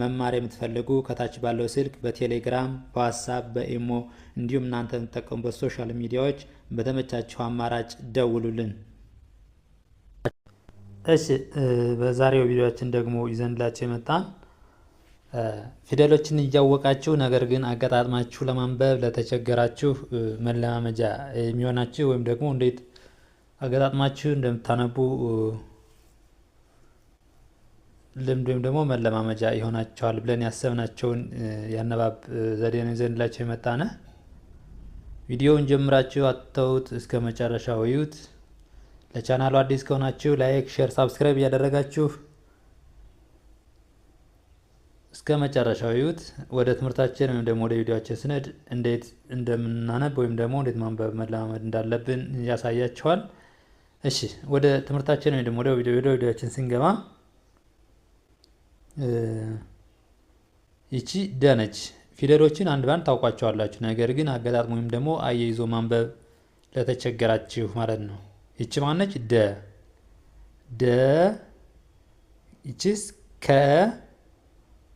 መማር የምትፈልጉ ከታች ባለው ስልክ በቴሌግራም በዋትሳፕ በኢሞ እንዲሁም እናንተ የምትጠቀሙበት ሶሻል ሚዲያዎች በተመቻቸው አማራጭ ደውሉልን። እሺ በዛሬው ቪዲዮችን ደግሞ ይዘንላቸው የመጣን ፊደሎችን እያወቃችሁ ነገር ግን አገጣጥማችሁ ለማንበብ ለተቸገራችሁ መለማመጃ የሚሆናችሁ ወይም ደግሞ እንዴት አገጣጥማችሁ እንደምታነቡ ልምድ ወይም ደግሞ መለማመጃ ይሆናቸዋል ብለን ያሰብናቸውን የአነባብ ዘዴ ነው ይዘንላቸው የመጣነ። ቪዲዮውን ጀምራችሁ አትተውት፣ እስከ መጨረሻው እዩት። ለቻናሉ አዲስ ከሆናችሁ ላይክ፣ ሼር፣ ሳብስክራይብ እያደረጋችሁ እስከ መጨረሻው እዩት። ወደ ትምህርታችን ወይም ደግሞ ወደ ቪዲዮችን ስነድ እንዴት እንደምናነብ ወይም ደግሞ እንዴት ማንበብ መለማመድ እንዳለብን ያሳያችኋል። እሺ ወደ ትምህርታችን ወይም ደግሞ ወደ ቪዲዮችን ስንገባ ይቺ ደነች ፊደሎችን አንድ ባንድ ታውቋቸዋላችሁ። ነገር ግን አገጣጥሞ ወይም ደግሞ አያይዞ ማንበብ ለተቸገራችሁ ማለት ነው። ይቺ ማነች? ደ ደ ይቺስ ከ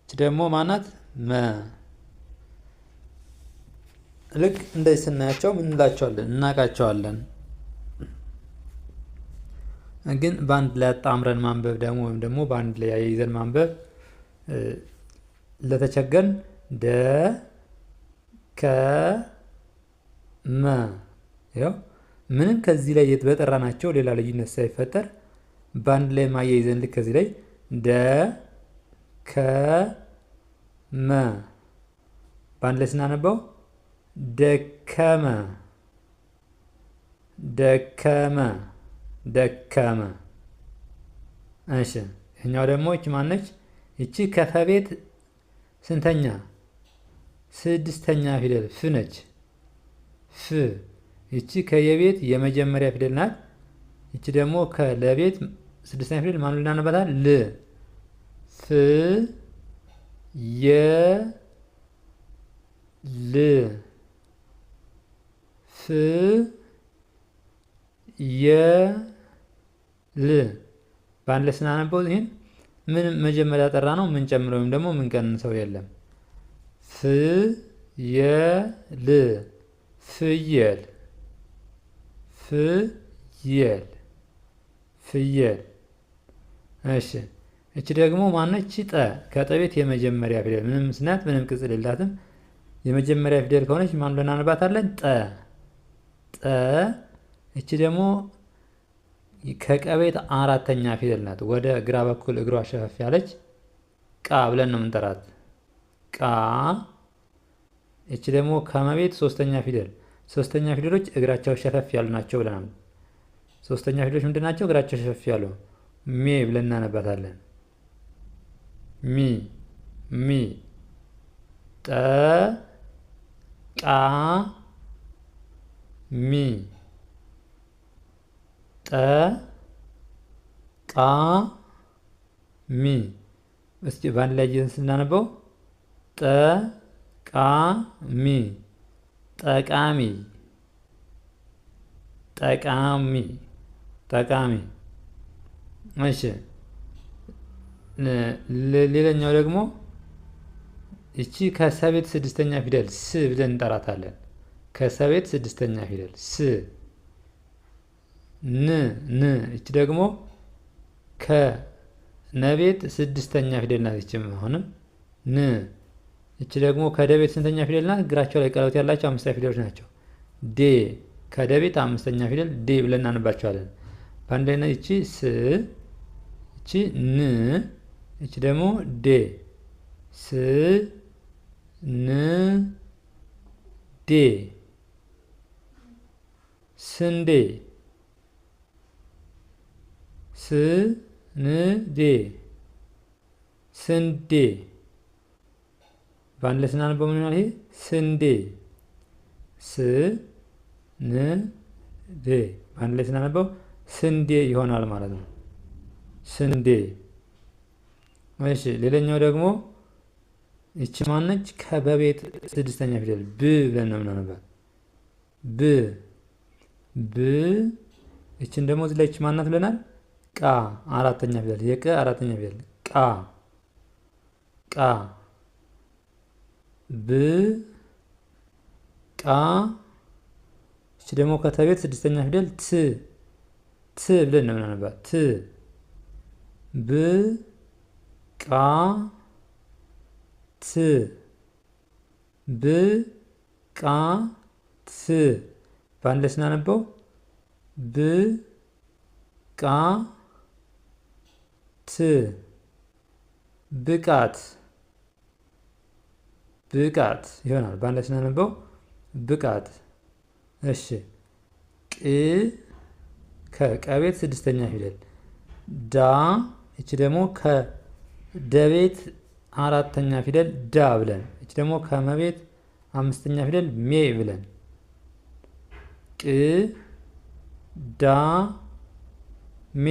ይቺ ደግሞ ማናት? መ ልክ እንደዚህ ስናያቸው ምን እንላቸዋለን? ግን በአንድ ላይ አጣምረን ማንበብ ደግሞ ወይም ደግሞ በአንድ ላይ አያይዘን ማንበብ ለተቸገን ደከመ። ያው ምንም ከዚህ ላይ በጠራ ናቸው ሌላ ልዩነት ሳይፈጠር በአንድ ላይ ማያይዘን ልክ ከዚህ ላይ ደከመ በአንድ ላይ ስናነባው ደከመ ደከመ ደከመ። እሺ ይህኛው ደግሞ ይቺ ማነች? እቺ ከፈቤት ስንተኛ? ስድስተኛ ፊደል ፍ ነች። ፍ እቺ ከየቤት የመጀመሪያ ፊደል ናት። እቺ ደግሞ ከለቤት ስድስተኛ ፊደል ማን ልናነባታል? ል ፍ የ ል ፍ የ ል በአንድ ላይ ስናነበው ይህን ምን መጀመሪያ ጠራ ነው ምን ጨምረው ወይም ደግሞ ምን ቀንሰው የለም። ፍየል ፍየል ፍየል ፍየል። እሺ እቺ ደግሞ ማነች? ጠ ከጠቤት የመጀመሪያ ፊደል ምንም ስናት ምንም ቅጽል የላትም። የመጀመሪያ ፊደል ከሆነች ማን ብለን ጠ ጠ። እቺ ደግሞ ከቀቤት አራተኛ ፊደል ናት። ወደ ግራ በኩል እግሯ ሸፈፍ ያለች ቃ ብለን ነው የምንጠራት። ቃ እቺ ደግሞ ከመቤት ሶስተኛ ፊደል። ሶስተኛ ፊደሎች እግራቸው ሸፈፍ ያሉ ናቸው ብለናል። ሶስተኛ ፊደሎች ምንድን ናቸው? እግራቸው ሸፈፍ ያሉ ሜ ብለን እናነባታለን። ሚ ሚ ጠ ቃ ሚ ጠቃሚ እስቲ በአንድ ላይ ይዘን ስናነበው ጠቃሚ ጠቃሚ ጠቃሚ ጠቃሚ። እሺ ሌላኛው ደግሞ እቺ ከሰቤት ስድስተኛ ፊደል ስ ብለን እንጠራታለን። ከሰቤት ስድስተኛ ፊደል ስ ን ን እቺ ደግሞ ከነቤት ስድስተኛ ፊደል ናት። እቺም አሁንም ን እቺ ደግሞ ከደቤት ስንተኛ ፊደል ናት? እግራቸው ላይ ቀለበት ያላቸው አምስተኛ ፊደሎች ናቸው። ዴ ከደቤት አምስተኛ ፊደል ዴ ብለን እናንባቸዋለን። በአንድ ላይ እቺ ስ እቺ ን እቺ ደግሞ ዴ ስ ን ዴ ስንዴ ስንዴ ስንዴ በአንድ ላይ ስናነበው ምን ይሆናል? ይሄ ስንዴ በአንድ ላይ ስናነበው ስንዴ ይሆናል ማለት ነው። ስንዴ። እሺ፣ ሌላኛው ደግሞ ይቺ ማነች? ከበቤት ስድስተኛ ፊደል ብ ብለን ነው የምናነባት። ብ ብ። ይቺን ደግሞ እዚህ ላይ ማናት ብለናል? ቃ አራተኛ ፊደል የቀ አራተኛ ፊደል ቃ ቃ ብ ቃ እሺ ደግሞ ከተቤት ስድስተኛ ፊደል ት ት ብለን ነው የምናነባት ት ብ ቃ ት ብ ቃ ት በአንድ ላይ ስናነበው ብ ቃ ት ብቃት ብቃት ይሆናል። በአንድ ላይ ስናነበው ብቃት። እሺ ቅ ከቀቤት ስድስተኛ ፊደል ዳ እቺ ደግሞ ከደቤት አራተኛ ፊደል ዳ ብለን እቺ ደግሞ ከመቤት አምስተኛ ፊደል ሜ ብለን ቅ ዳ ሜ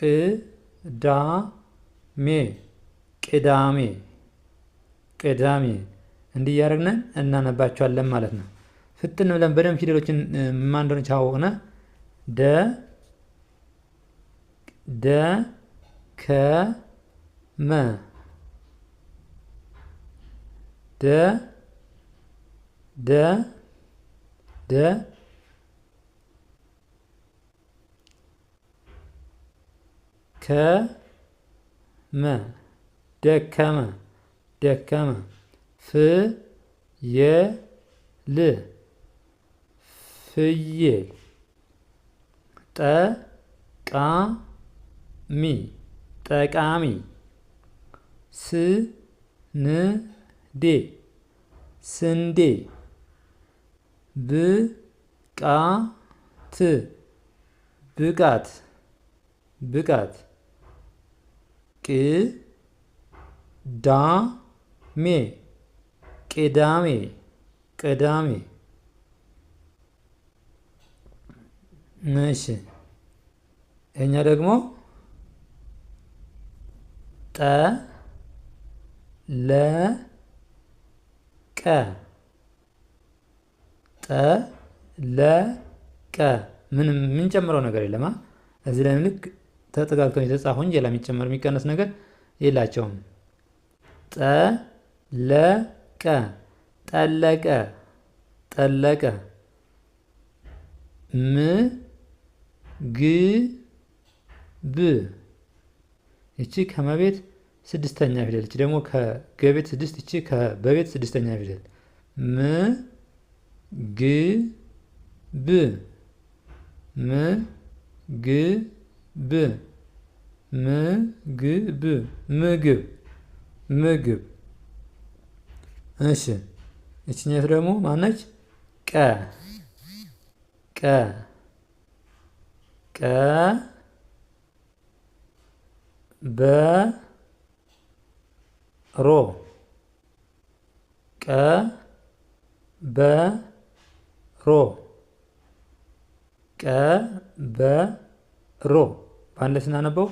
ቅዳሜ ቅዳሜ ቅዳሜ እንዲህ እያደረግን እናነባቸዋለን ማለት ነው። ፍጥን ብለን በደንብ ፊደሎችን ማንደሆነ ቻወቅነ ደ ደ ከ መ ደ ደ ደ ከመ ደከመ ደከመ ፍየል ፍየል ጠቃሚ ጠቃሚ ስንዴ ስንዴ ብቃት ብቃት ብቃት ቅዳሜ ቅዳሜ ቅዳሜ እሺ እኛ ደግሞ ጠ ለ ቀ ጠ ለ ቀ ምን የምንጨምረው ነገር የለማ እዚህ ላይ ልክ ተጠጋግተው የተጻፉ እንጂ ሌላ የሚጨመር የሚቀነስ ነገር የላቸውም። ጠለቀ ጠለቀ ጠለቀ ምግብ ይቺ ከመቤት ስድስተኛ ፊደል እቺ ደግሞ ከገቤት ስድስት እቺ ከበቤት ስድስተኛ ፊደል ምግብ ምግብ ምግብ ምግብ ምግብ። እሺ እችኛት ደግሞ ማነች? ቀ ቀ ቀ በሮ ቀ በሮ ቀ በሮ በአንድ ስናነበው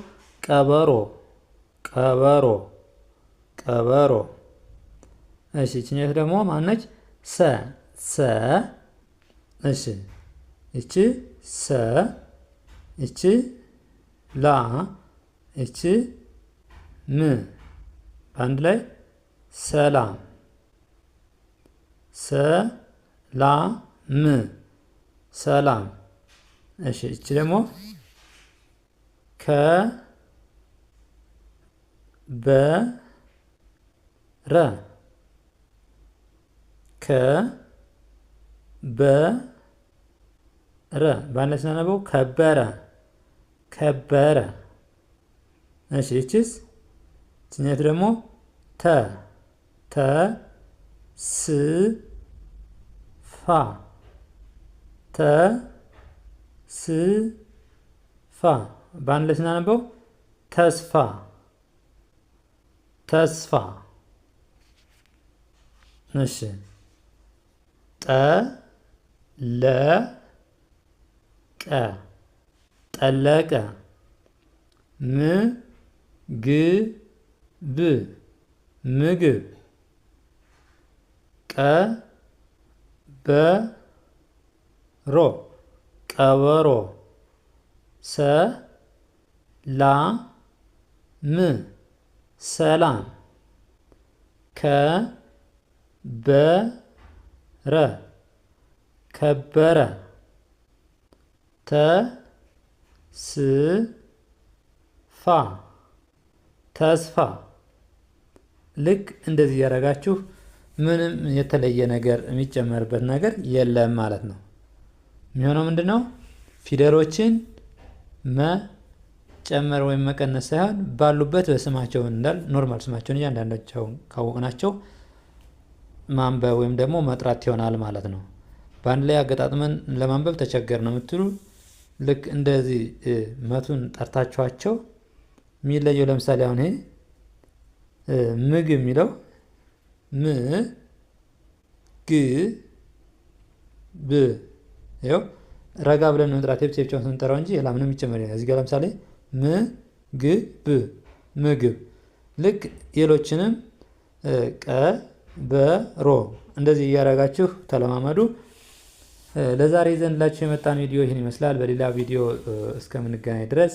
ቀበሮ ቀበሮ ቀበሮ። እሺ ይችኛት ደግሞ ማነች? ሰ ሰ። እሺ እቺ ሰ እቺ ላ እቺ ም በአንድ ላይ ሰላም ሰላም ሰላም። እሺ እቺ ደግሞ ከ በረ ከ በረ ባለ ስናነበው ከበረ ከበረ። እሺ ይቺስ ችኛት ደግሞ ተ ተ ስ ፋ ተ ስ ፋ ባንድ ስናነበው ተስፋ ተስፋ እሺ ጠለቀ ጠለቀ ምግብ ምግብ ቀበሮ ቀበሮ ም ሰላም ከበረ ከበረ ተስፋ ተስፋ ልክ እንደዚህ ያደረጋችሁ ምንም የተለየ ነገር የሚጨመርበት ነገር የለም ማለት ነው። የሚሆነው ምንድን ነው? ፊደሎችን መ ጨመር ወይም መቀነስ ሳይሆን ባሉበት በስማቸው እንዳል ኖርማል ስማቸውን እያንዳንዳቸውን ካወቅናቸው ማንበብ ወይም ደግሞ መጥራት ይሆናል ማለት ነው። በአንድ ላይ አገጣጥመን ለማንበብ ተቸገር ነው የምትሉ ልክ እንደዚህ መቱን ጠርታችኋቸው የሚለየው ለምሳሌ አሁን ይሄ ምግብ የሚለው ም ግ ብ ይኸው ረጋ ብለን መጥራት የብቻውን ስንጠራው እንጂ ላምንም ምንም ይጨመር እዚህ ጋር ለምሳሌ ምግብ ምግብ ልክ ሌሎችንም ቀበሮ እንደዚህ እያደረጋችሁ ተለማመዱ። ለዛሬ ዘንድላችሁ የመጣን ቪዲዮ ይህን ይመስላል። በሌላ ቪዲዮ እስከምንገናኝ ድረስ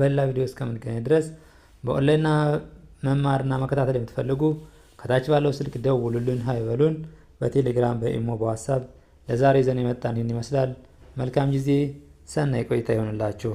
በሌላ ቪዲዮ እስከምንገናኝ ድረስ በኦንላይንና መማርና መከታተል የምትፈልጉ ከታች ባለው ስልክ ደውሉልን፣ ሀይበሉን በሉን። በቴሌግራም በኢሞ በዋትሳፕ ለዛሬ ዘን የመጣን ይህን ይመስላል። መልካም ጊዜ፣ ሰናይ ቆይታ ይሆንላችሁ።